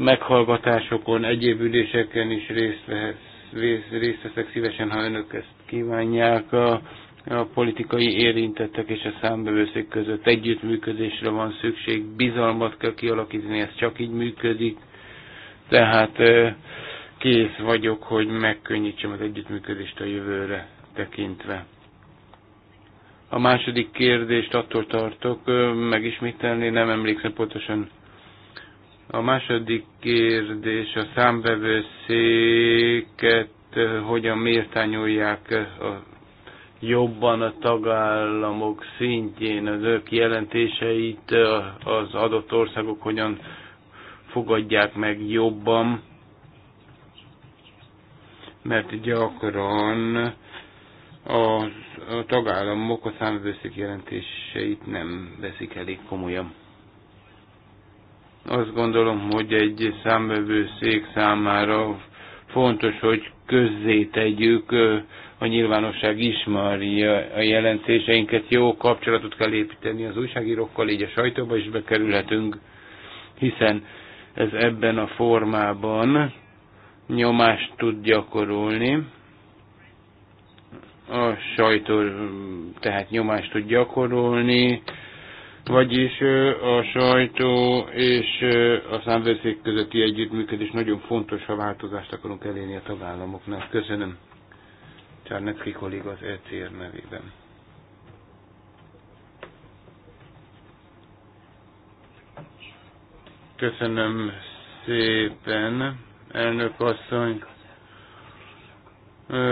meghallgatásokon, egyéb üléseken is részt, vesz, részt veszek szívesen, ha önök ezt kívánják. A, a politikai érintettek és a számbevőszék között együttműködésre van szükség, bizalmat kell kialakítani, ez csak így működik. Tehát kész vagyok, hogy megkönnyítsem az együttműködést a jövőre tekintve. A második kérdést attól tartok, megismételni, nem emlékszem pontosan a második kérdés a számbevőszéket eh, hogyan méltányolják eh, a jobban a tagállamok szintjén az ők jelentéseit eh, az adott országok hogyan fogadják meg jobban, mert gyakran a, a tagállamok a számvőszék jelentéseit nem veszik elég komolyan. Azt gondolom, hogy egy szék számára fontos, hogy közzé tegyük, a nyilvánosság ismerje a jelentéseinket, jó kapcsolatot kell építeni az újságírókkal, így a sajtóba is bekerülhetünk, hiszen ez ebben a formában nyomást tud gyakorolni, a sajtó tehát nyomást tud gyakorolni, vagyis a sajtó és a számvőszék közötti együttműködés nagyon fontos, ha változást akarunk elérni a tagállamoknak. Köszönöm. Csárnek kolléga az ECR nevében. Köszönöm szépen, elnök asszony.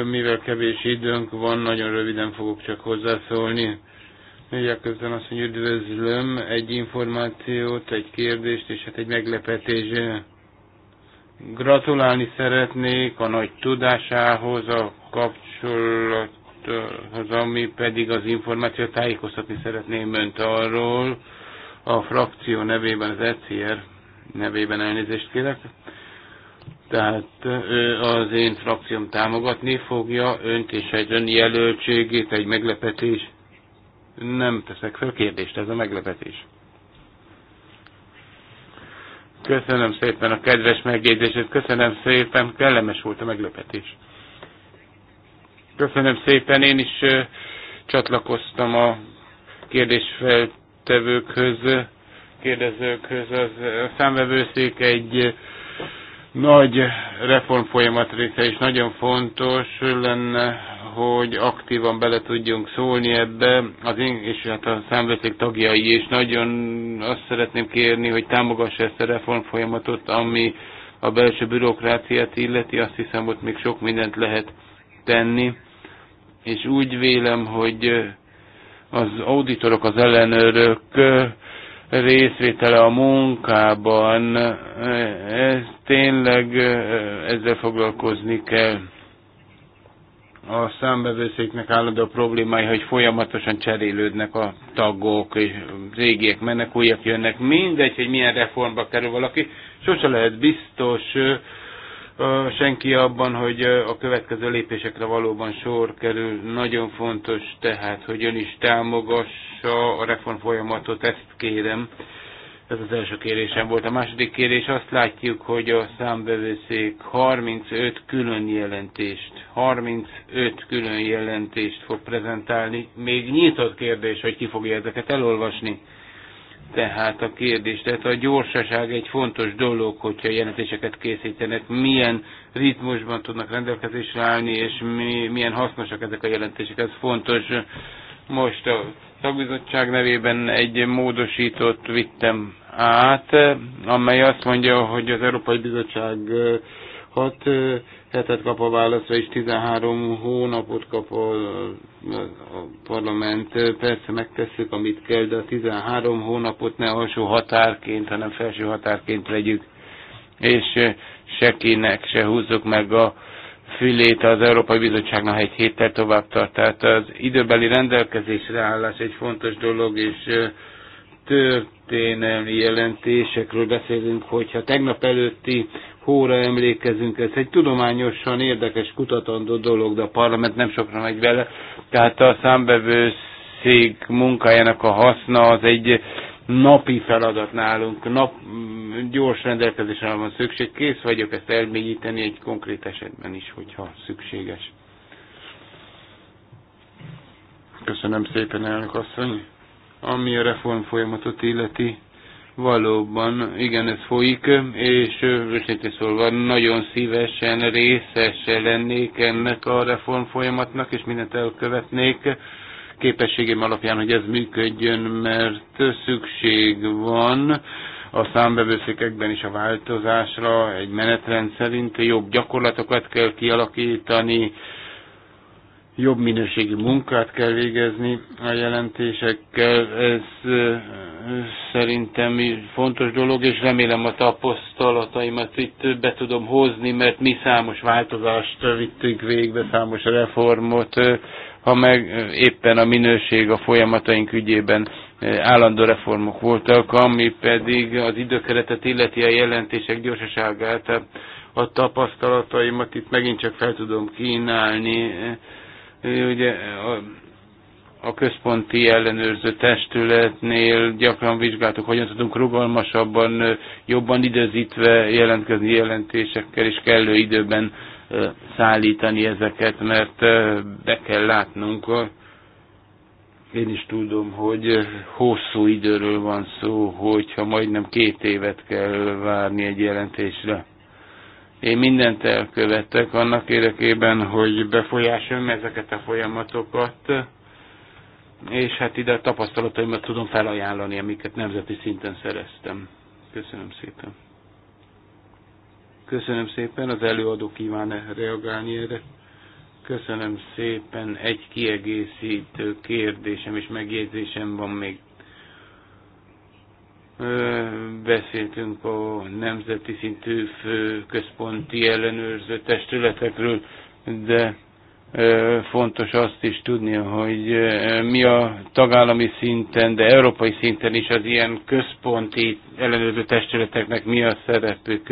Mivel kevés időnk van, nagyon röviden fogok csak hozzászólni Jakobson azt mondja, üdvözlöm egy információt, egy kérdést, és hát egy meglepetés. Gratulálni szeretnék a nagy tudásához, a kapcsolathoz, ami pedig az információ tájékoztatni szeretném önt arról, a frakció nevében, az ECR nevében elnézést kérek. Tehát ő az én frakcióm támogatni fogja önt és egy önjelöltségét, egy meglepetés nem teszek fel kérdést, ez a meglepetés. Köszönöm szépen a kedves megjegyzését, köszönöm szépen, kellemes volt a meglepetés. Köszönöm szépen, én is csatlakoztam a kérdésfeltevőkhöz, kérdezőkhöz. Az, számvevőszék egy nagy reformfolyamat része, és nagyon fontos lenne, hogy aktívan bele tudjunk szólni ebbe, az én, és hát a számveszék tagjai, és nagyon azt szeretném kérni, hogy támogassa ezt a reformfolyamatot, ami a belső bürokráciát illeti, azt hiszem ott még sok mindent lehet tenni, és úgy vélem, hogy az auditorok, az ellenőrök részvétele a munkában, ez e, tényleg e, ezzel foglalkozni kell. A számbevőszéknek állandó problémái, hogy folyamatosan cserélődnek a tagok, és régiek mennek, újak jönnek, mindegy, hogy milyen reformba kerül valaki, sose lehet biztos, senki abban, hogy a következő lépésekre valóban sor kerül. Nagyon fontos tehát, hogy ön is támogassa a reform folyamatot, ezt kérem. Ez az első kérésem volt. A második kérés azt látjuk, hogy a számbevőszék 35 külön jelentést, 35 külön jelentést fog prezentálni. Még nyitott kérdés, hogy ki fogja ezeket elolvasni tehát a kérdés. Tehát a gyorsaság egy fontos dolog, hogyha jelentéseket készítenek, milyen ritmusban tudnak rendelkezésre állni, és mi, milyen hasznosak ezek a jelentések. Ez fontos. Most a szakbizottság nevében egy módosított vittem át, amely azt mondja, hogy az Európai Bizottság hat hetet kap a válaszra, és 13 hónapot kap a, a parlament. Persze megtesszük, amit kell, de a 13 hónapot ne alsó határként, hanem felső határként vegyük, és eh, se kinek se húzzuk meg a fülét az Európai Bizottságnak egy héttel tovább tart. Tehát az időbeli rendelkezésre állás egy fontos dolog, és eh, történelmi jelentésekről beszélünk, hogyha tegnap előtti hóra emlékezünk. Ez egy tudományosan érdekes, kutatandó dolog, de a parlament nem sokra megy vele. Tehát a számbevőszék munkájának a haszna az egy napi feladat nálunk, nap, gyors rendelkezésre van szükség, kész vagyok ezt elmélyíteni egy konkrét esetben is, hogyha szükséges. Köszönöm szépen, elnök asszony. Ami a reform folyamatot illeti, Valóban, igen, ez folyik, és őszintén szólva nagyon szívesen részes lennék ennek a reform folyamatnak, és mindent elkövetnék képességem alapján, hogy ez működjön, mert szükség van a számbevőszékekben is a változásra, egy menetrend szerint jobb gyakorlatokat kell kialakítani, jobb minőségi munkát kell végezni a jelentésekkel. Ez szerintem fontos dolog, és remélem a tapasztalataimat itt be tudom hozni, mert mi számos változást vittünk végbe, számos reformot, ha meg éppen a minőség a folyamataink ügyében állandó reformok voltak, ami pedig az időkeretet illeti a jelentések gyorsaságát, a tapasztalataimat itt megint csak fel tudom kínálni Ugye a, a központi ellenőrző testületnél gyakran vizsgáltuk, hogyan tudunk rugalmasabban, jobban időzítve jelentkezni jelentésekkel, és kellő időben szállítani ezeket, mert be kell látnunk. Én is tudom, hogy hosszú időről van szó, hogyha majdnem két évet kell várni egy jelentésre. Én mindent elkövettek annak érdekében, hogy befolyásoljam ezeket a folyamatokat, és hát ide a tapasztalataimat tudom felajánlani, amiket nemzeti szinten szereztem. Köszönöm szépen. Köszönöm szépen, az előadó kíván -e reagálni erre. Köszönöm szépen, egy kiegészítő kérdésem és megjegyzésem van még beszéltünk a nemzeti szintű fő központi ellenőrző testületekről, de fontos azt is tudni, hogy mi a tagállami szinten, de európai szinten is az ilyen központi ellenőrző testületeknek mi a szerepük.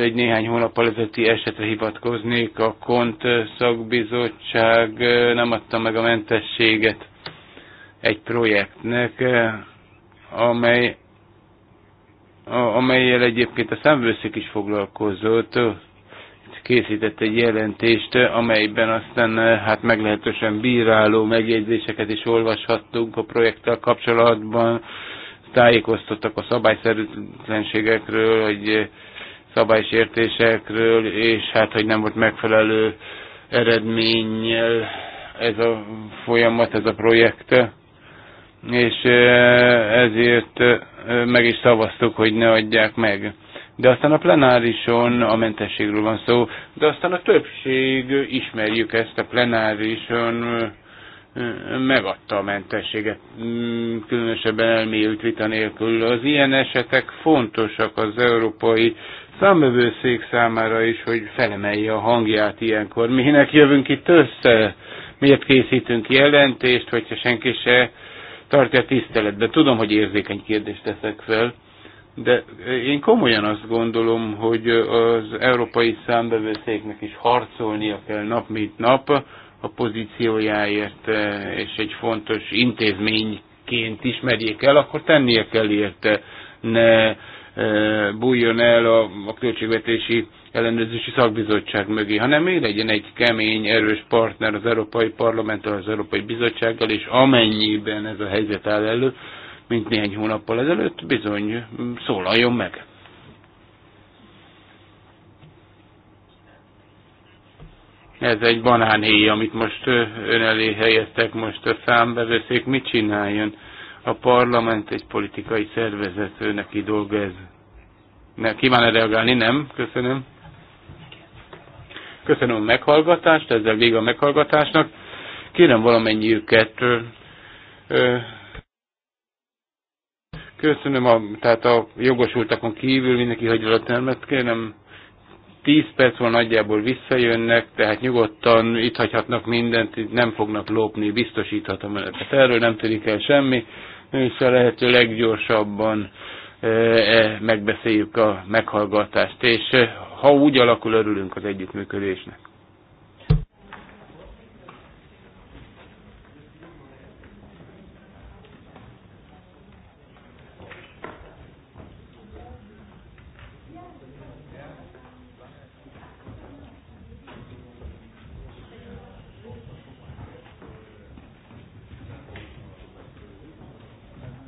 Egy néhány hónap előtti esetre hivatkoznék, a KONT szakbizottság nem adta meg a mentességet egy projektnek, amely amelyel egyébként a szemvőszék is foglalkozott, készített egy jelentést, amelyben aztán hát meglehetősen bíráló megjegyzéseket is olvashattunk a projekttel kapcsolatban. Tájékoztattak a szabályszerűtlenségekről, hogy szabálysértésekről, és hát, hogy nem volt megfelelő eredménnyel ez a folyamat, ez a projekt és ezért meg is szavaztuk, hogy ne adják meg. De aztán a plenárison a mentességről van szó, de aztán a többség, ismerjük ezt a plenárison, megadta a mentességet, különösebben elmélyült vita nélkül. Az ilyen esetek fontosak az európai számövőszék számára is, hogy felemelje a hangját ilyenkor. Minek jövünk itt össze? Miért készítünk jelentést, hogyha senki se tartja de Tudom, hogy érzékeny kérdést teszek fel, de eh, én komolyan azt gondolom, hogy eh, az európai számbevőszéknek is harcolnia kell nap mint nap a pozíciójáért, eh, és egy fontos intézményként ismerjék el, akkor tennie kell érte, ne bújjon el a, a költségvetési ellenőrzési szakbizottság mögé, hanem ő legyen egy kemény, erős partner az Európai Parlamenttel, az Európai Bizottsággal, és amennyiben ez a helyzet áll elő, mint néhány hónappal ezelőtt, bizony mm, szólaljon meg. Ez egy banánhéj, amit most ön elé helyeztek, most a számbevőszék mit csináljon? A parlament egy politikai szervezet, őneki dolga ez. Ne, kíván -e reagálni? Nem? Köszönöm. Köszönöm a meghallgatást, ezzel vége a meghallgatásnak. Kérem valamennyiüket. Köszönöm, a, tehát a jogosultakon kívül mindenki hagyja a termet. Kérem, 10 perc van nagyjából visszajönnek, tehát nyugodtan itt hagyhatnak mindent, itt nem fognak lopni, biztosíthatom önöket. Erről nem tűnik el semmi, és a lehető leggyorsabban e, megbeszéljük a meghallgatást, és ha úgy alakul, örülünk az együttműködésnek.